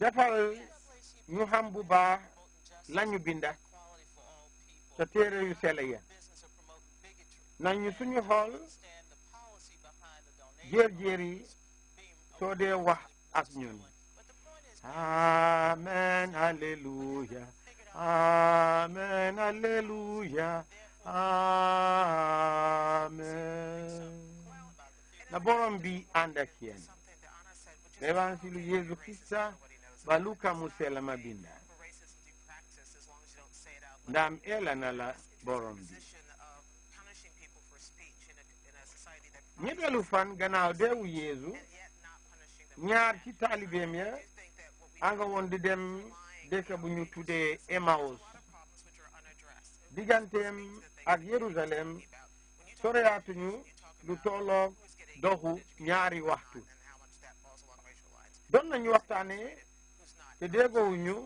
defal ñu xam bu baax lañu binda te téere yu sell ya nañu suñu xool jéer-jéer yi soo dee wax ak ñun amen alleluya amen alleluya amen na borom bi ànd ak yéen devan si lu Baluka Mutela binda ndam elanala borom bi ñeɓelu fan ganaaw deewu yeesu Nyar ci taalibeem ya anga Wondi di dem dëkk bu ñu tuddee emmaus digganteem ak yerusalem soreyaatuñu lu tolloo doxu ñaari waxtu doon nañu waxtaanee te déggoowuñu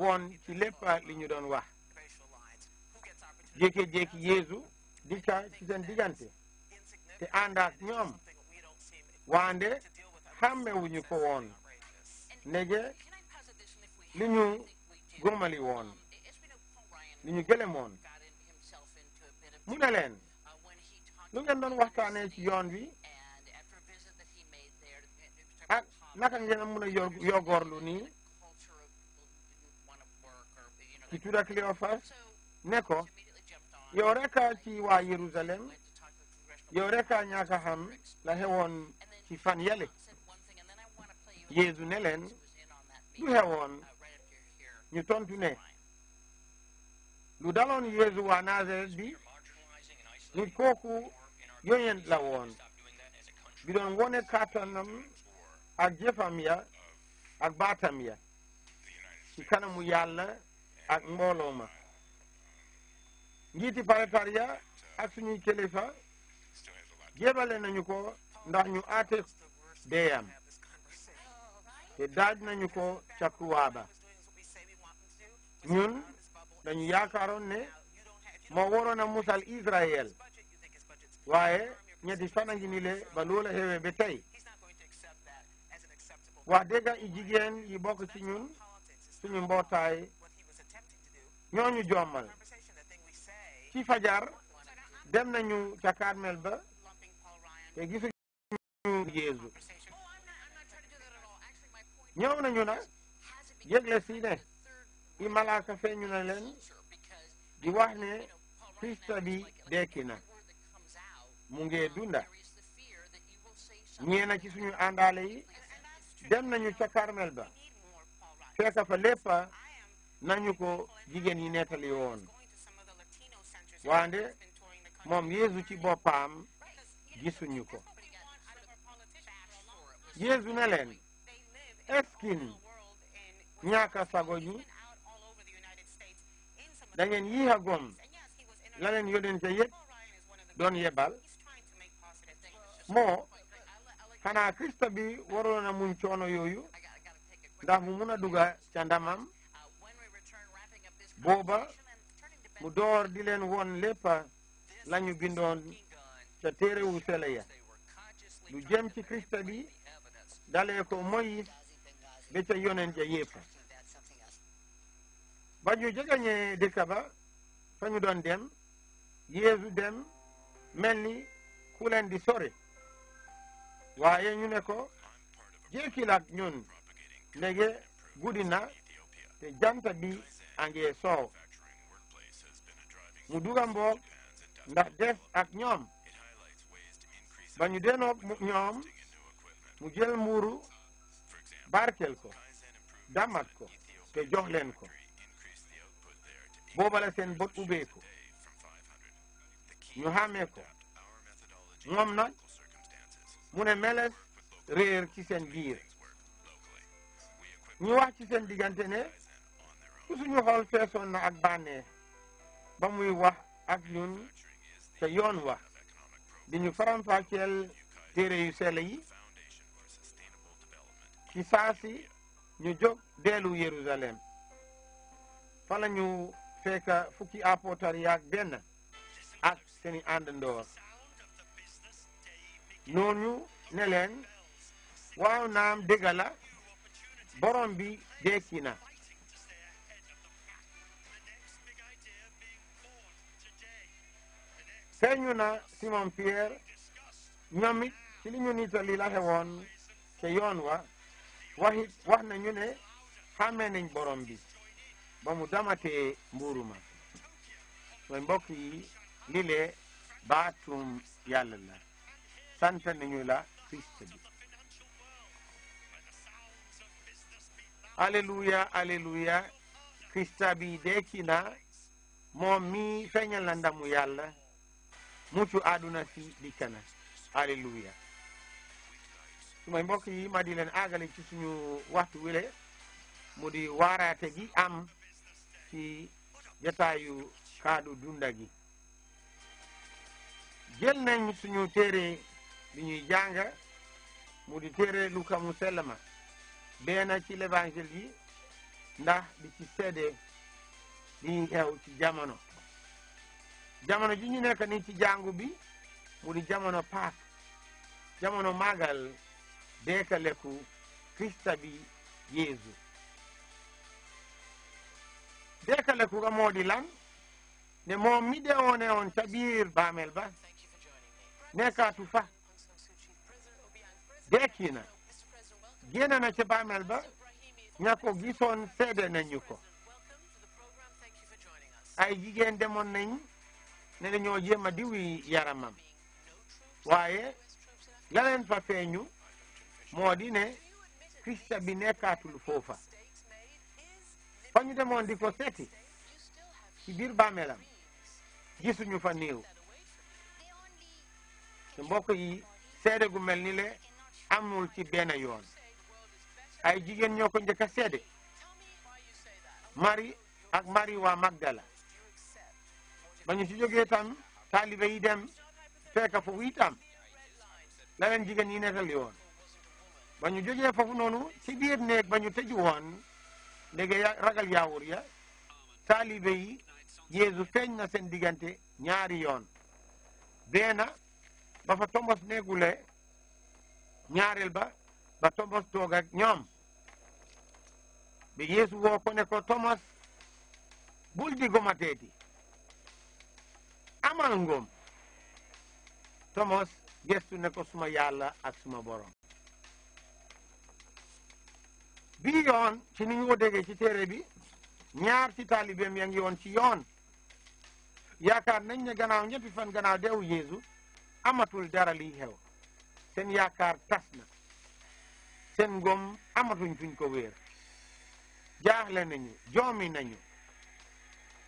woon ci léppa li ñu doon wax jékki-jékki Yeesu di ca ci seen diggante te ànd ñoom waande xàmmewuñu ko woon ndege li ñu góomali woon li ñu gëlemoon mu ne leen lu ngeen doon waxtaanee ci yoon wi ak naka ngeen a mën a yogoorlu nii Kitura kiliofas neko yoreka ci wa Yerusalem yoreka nyaka ham la hewon ci fan yele Yesu ne leen du hewon ñu tontu ne lu daloon Yesu waa Nazaret bi nit kooku yoyen la woon bi wone katanam ak jëfam ya ak batam ya ci kanamu yalla ak mbooloo ma njiiti parataria ak suñuy kilifa jébale nañu ko ndax ñu aate deeyam te daaj nañu ko ca tuwaaba ñun dañu yaakaaroon ne moo waroon a musal Israël waaye ñetti fan a ngi ni le ba loola xewee ba tey wax dëgg yi jigéen yi bokk ci ñun suñu mbootaay ñooñu jommal ci fajar dem nañu ca Karmel ba te gisuñu Yeesu ñëw nañu nag yëgle si ne i malaaka feeñu na leen di wax ne Krista bi dekki na mu ngee dunda ñeena ci suñu àndaale yi dem nañu ca Karmel ba fekk fa léppa nañu ko jigéen yi nettali woon waande moom yeesu ci boppam gisuñu ko yeesu ne leen eskin ñaaka sago ñi da ngeen yii a gom la leen yónnente yëpp doon yebal moo xanaa kristo bi waroon na muñ coono yooyu ndax mu mun a dugga ca ndamam booba mu door di leen won léppa lañu ñu bindoon ca téerewu sele ya lu jëm ci Krista bi dalee ko moyi ba ca yonen ja yépp ba ñu jegañee dëkk ba fa ñu doon dem Yeesu dem mel ni ku leen di sore waaye ñu ne ko jékkil ak ñun léegi guddi na te janta bi angee soow mu duga mboog ndax def ak ñoom ba ñu denoog ñoom mu jël mbuuru barkel ko damat ko te jox leen ko boobale seen bët ubbee ko ñu xàmmee ko moom nag mu ne meles réer ci seen biir ñu wax ci seen diggante ne suñu xool feesoon na ak bànneex ba muy wax ak ñun te yoon wa di ñu faram-fàcceel téere yu sell yi ci saasi ñu jóg deelu Yerusalem fa la ñu fekka fukki apôtar yaak benn ak seeni àndandoor ñooñu ne leen waaw naam dégg borom bi dekki na feeñu na Simon Pierre ñoom ci li ñu niital li la xewoon ca yoon wa waxit wax nañu ne xàmmee nañ borom bi ba mu damatee mbuuru ma mooy mbokk yi li lee baatum yàlla la sant nañu la Christ bi alléluia alléluia Christ bi dekki na moom mi feeñal na ndamu yàlla muccu àdduna si di kana su may mbokk yi ma di leen àggale ci suñu waxtu wile mu di waraate gi am ci jataayu kaadu dunda gi jël nañ suñu téere bi ñuy jàng mu di téere Luka mu sell benn ci l'évangile yi ndax di ci seede di xew ci jamono jamono ji ñu nekk nii ci jàngu bi mu di jamono paak jamono màggal deekaleku krista bi yeesu deekaleku ga moo di lan ne moom mi deewoone woon ca biir baamel ba nekkaatu fa deekii na génn na ca baamel ba ña ko gisoon seede nañu ko ay jigéen demoon nañu ne dañoo jéem a diwi yaramam waaye la fa feeñu moo di ne krista bi nekkaatul foofa fa ñu demoon di ko seeti ci biir bàmmeelam gisuñu fa néew te mbokk yi seede gu mel ni le amul ci benn yoon ay jigéen ñoo ko njëkk a seede mari ak mari waa Magdala ba ñu ci jóge tam taalibe yi dem fekk foofu itam la leen jigéen ñi nettali woon ba ñu jógee foofu noonu ci biir néeg ba ñu tëju woon ndege ragal yaawur ya taalibe yéesu Yeesu feeñ na seen diggante ñaari yoon benn ba fa tombos néegule ñaareel ba ba tombos toog ak ñoom bi yéesu woo ko ne ko bul di gomateeti amal ngoom Thomas gestu ne ko suma yàlla ak suma borom bi yoon ci ni ñu ko déggee ci téere bi ñaar ci taalibeem ya ngi woon ci yoon yaakaar nañ ne gannaaw ñetti fan gannaaw deewu yéesu amatul dara liy xew seen yaakaar tas na seen ngoom amatuñ fuñ ko wéer jaaxle nañu joomi nañu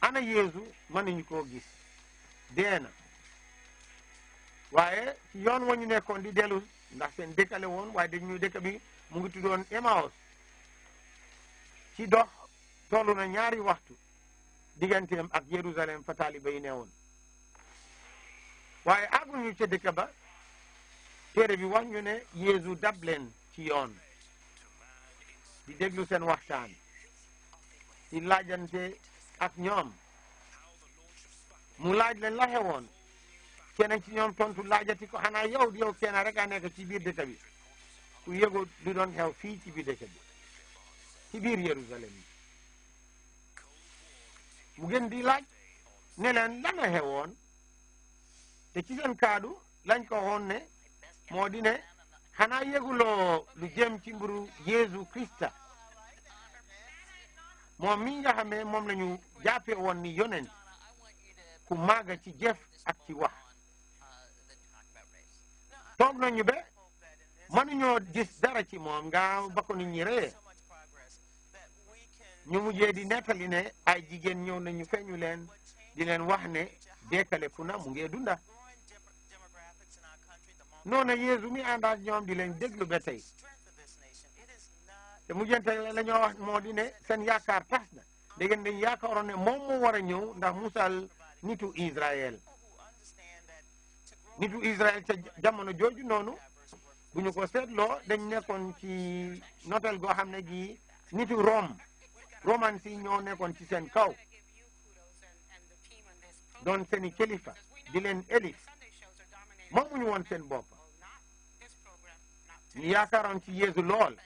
ana Yeesu mënuñu koo gis dee na waaye ci yoon wa ñu nekkoon di dellu ndax seen dëkkale woon waaye dañu dëkk bi mu ngi tuddoon Emmaus ci dox tollu na ñaari waxtu digganteem ak Yerusalem fa taaliba yi woon waaye àgguñu ca dëkk ba téere bi wax ñu ne Yeesu dab leen ci yoon di déglu seen waxtaan di laajante ak ñoom mu laaj leen la xewoon keneen ci ñoom tontu laajati ko xanaa yow yow kenn rek a nekk ci biir dëkk bi ku yëgoo du doon xew fii ci biir dëkk bi ci biir Yerusalem bi mu gën di laaj ne leen lan la xewoon te ci seen kaadu lañ ko waxoon ne moo di ne xanaa yëguloo lu jëm ci mbiru Yeesu Krista moom mi nga xamee moom la ñu jàppee woon ni yonent ku màgg ci jëf ak ci wax toog nañu ba mënuñoo gis dara ci moom nga ba ko nit ñi ree ñu mujjee di nettali ne ay jigéen ñëw nañu feeñu leen di leen wax ne dekkale fu na mu ngee dunda noona Yeesu mi ànd ñoom di leen déglu ba tey te mujjante la ñoo wax moo di ne seen yaakaar tas na dégg ngeen yaakaaroon ne moom moo war ñëw ndax musal nitu Israël nitu Israël ca jamono jooju noonu bu ñu ko seetloo dañ nekkoon ci notel goo xam ne gi nitu Rome roman si ñoo nekkoon ci seen kaw doon seeni kilifa di leen élif moomuñu woon seen bopp ñu yaakaaroon ci Yeesu lool